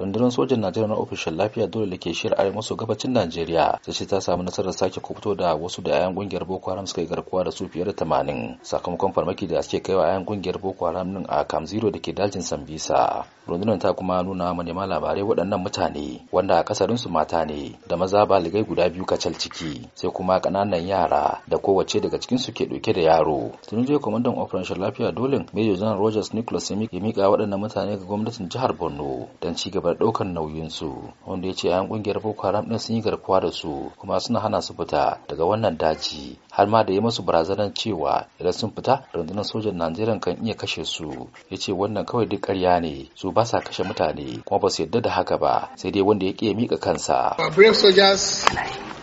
rundunar sojan najeriya na ofishin lafiya dole da ke shirya arewa masu gabacin najeriya ta ce ta samu nasarar sake kubuto da wasu da yayan kungiyar boko haram suka yi garkuwa da su fiye da tamanin sakamakon farmaki da suke kaiwa yayan kungiyar boko haram nan a kam zero da ke dajin sambisa rundunar ta kuma nuna manema labarai waɗannan mutane wanda a su mata ne da maza baligai guda biyu kacal ciki sai kuma kananan yara da kowace daga cikinsu ke ɗauke da yaro tun jiya kwamandan operation lafiya dolin major general rogers nicholas ya miƙa waɗannan mutane ga gwamnatin jihar borno don ci gaba da ɗaukar su wanda ya ce 'yan ƙungiyar boko haram ɗin sun yi garkuwa da su kuma suna hana su fita daga wannan daji har ma da ya masu barazanar cewa idan sun fita rundunar sojan najeriya kan iya kashe su ya ce wannan kawai duk ƙarya ne su ba sa kashe mutane kuma ba su yarda da haka ba sai dai wanda ya ƙi mika kansa. brave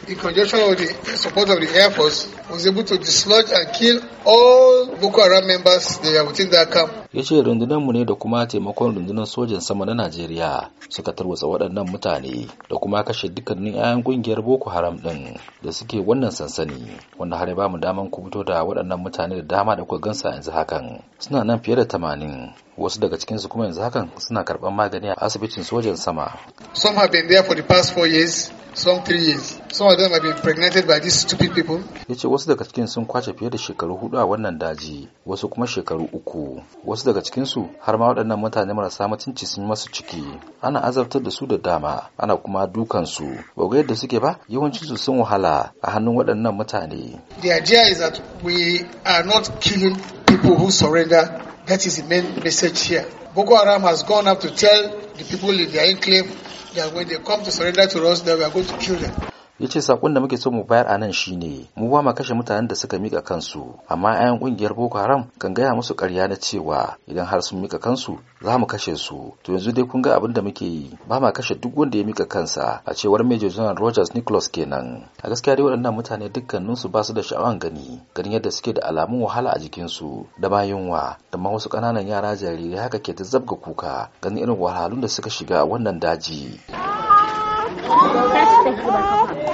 in conjunction with the support of the Air Force, was able to dislodge and kill all Boko Haram members they are within that camp. Ya ce mu ne da kuma taimakon rundunar sojan sama na Najeriya suka tarwatsa waɗannan mutane da kuma kashe dukkanin 'ya'yan ƙungiyar Boko Haram ɗin da suke wannan sansani wanda har ba mu daman kubuto da waɗannan mutane da dama da kuka gansa yanzu hakan suna nan fiye da tamanin wasu daga cikinsu kuma yanzu hakan suna karɓar magani a asibitin sojan sama. Some have been there for the past four years some three years. Some of them have been impregnated by these stupid people. Ya ce wasu daga cikin sun kwace fiye da shekaru hudu a wannan daji, wasu kuma shekaru uku. Wasu daga cikinsu har ma waɗannan mutane marasa mutunci sun masu ciki. Ana azabtar da su da dama, ana kuma dukansu. Ba ga yadda suke ba, yawancinsu sun wahala a hannun waɗannan mutane. The idea is that we are not killing people who surrender. That is the main message here. Boko Haram has gone up to tell the people in their enclave that when they come to surrender to us, then we are going to kill them. ya ce sakon da muke so mu bayar a nan shine mu ba ma kashe mutanen da suka mika kansu amma 'ya'yan kungiyar boko haram kan gaya musu karya na cewa idan har sun mika kansu za mu kashe su to yanzu dai kun ga abin da muke yi ba ma kashe duk wanda ya mika kansa a cewar major general rogers nicholas kenan a gaskiya dai waɗannan mutane dukkaninsu ba su da sha'awan gani ganin yadda suke da alamun wahala a jikinsu da ma yunwa da ma wasu ƙananan yara jarirai haka ke ta zabga kuka ganin irin wahalhalun da suka shiga a wannan daji.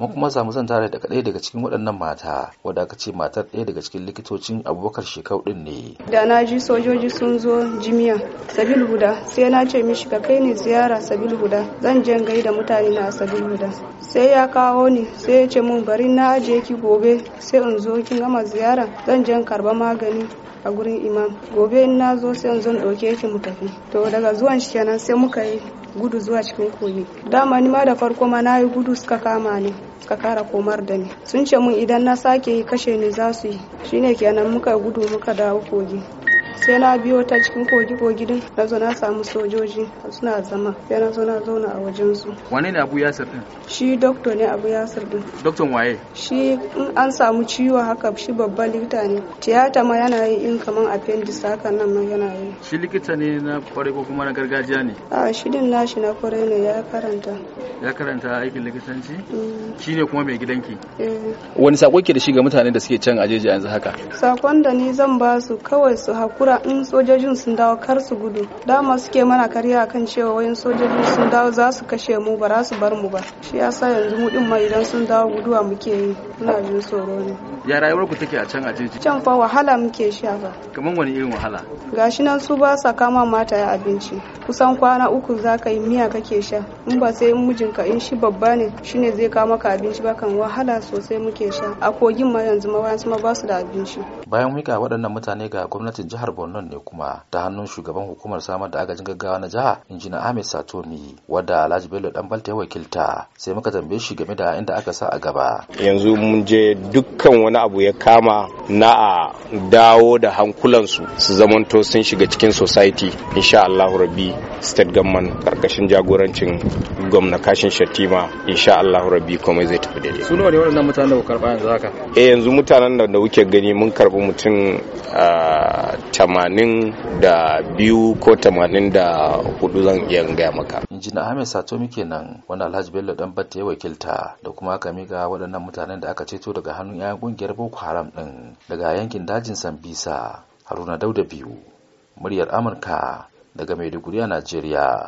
mu kuma samu zan tare da kaɗai daga cikin waɗannan mata wadda aka ce matar ɗaya daga cikin likitocin abubakar shekau ɗin ne da na ji sojoji sun zo jimiya sabil huda sai na ce mishi ka kai ni ziyara sabil huda zan je gaida mutane na sabil huda sai ya kawo ni sai ya ce mun bari na ajiye ki gobe sai in zo kin gama ziyara zan je karba magani a gurin imam gobe in na zo sai in zo in ɗauke ki mu tafi to daga zuwan shi kenan sai muka yi gudu zuwa cikin kogi dama ni ma da farko ma na yi gudu suka kama ni suka kara komar da ni sun ce mun idan na sake yi kashe ni za su yi shine kenan muka gudu muka dawo kogi sai na biyo ta cikin kogi kogi din na zo na samu sojoji suna zama sai na zo na zauna a wajen su wane ne abu yasir din shi doktor ne abu yasir din doktor waye shi in an samu ciwo haka shi babban likita ne tiyata ma yana yi in kaman appendix haka nan ma yana yi shi likita ne na kware ko kuma na gargajiya ne a shi din nashi na kwarai ne ya karanta ya karanta aikin likitanci mm. shi ne kuma mai gidanki eh. wani sako ke da shi ga mutanen da suke can ajeji yanzu haka sakon da ni zan ba su kawai su hakura haƙura in sojojin sun dawo kar su gudu dama suke mana kariya kan cewa wayan sojojin sun dawo za su kashe mu ba za su bar mu ba shi yasa yanzu mu din ma idan sun dawo guduwa muke yi muna jin tsoro ne ya rayuwar ku take a can a jirgin can fa wahala muke sha ba kamar wani irin wahala gashi nan su ba sa kama mata ya abinci kusan kwana uku za ka yi miya kake sha in ba sai mijinka in shi babba ne shine zai kama ka abinci ba kan wahala sosai muke sha a kogin ma yanzu ma wayansu ma ba su da abinci bayan mika waɗannan mutane ga gwamnatin jihar Borno ne kuma ta hannun shugaban hukumar samar da agajin gaggawa na jiha injina Ahmed Satomi wadda Alhaji Bello dan Balta ya wakilta sai muka tambaye shi game da inda aka sa a gaba yanzu mun je dukkan wani wani abu ya kama na a dawo da hankulansu su zamanto sun shiga cikin society insha Allahu rabbi state government karkashin jagorancin gwamna kashin shatima insha Allahu rabbi komai zai tafi daidai su nawa ne waɗannan mutanen da ku karɓa yanzu haka eh yanzu mutanen da kuke gani mun karɓi mutum ah, tamanin da biyu ko tamanin da hudu zan iya gaya maka injina ahmed satomi kenan wani alhaji bello dan batta ya wakilta da kuma aka miga waɗannan mutanen da aka ceto daga hannun 'ya'yan ƙungiyar boko haram ɗin daga yankin dajin sambisa haruna dauda biyu muryar amurka daga maiduguri a najeriya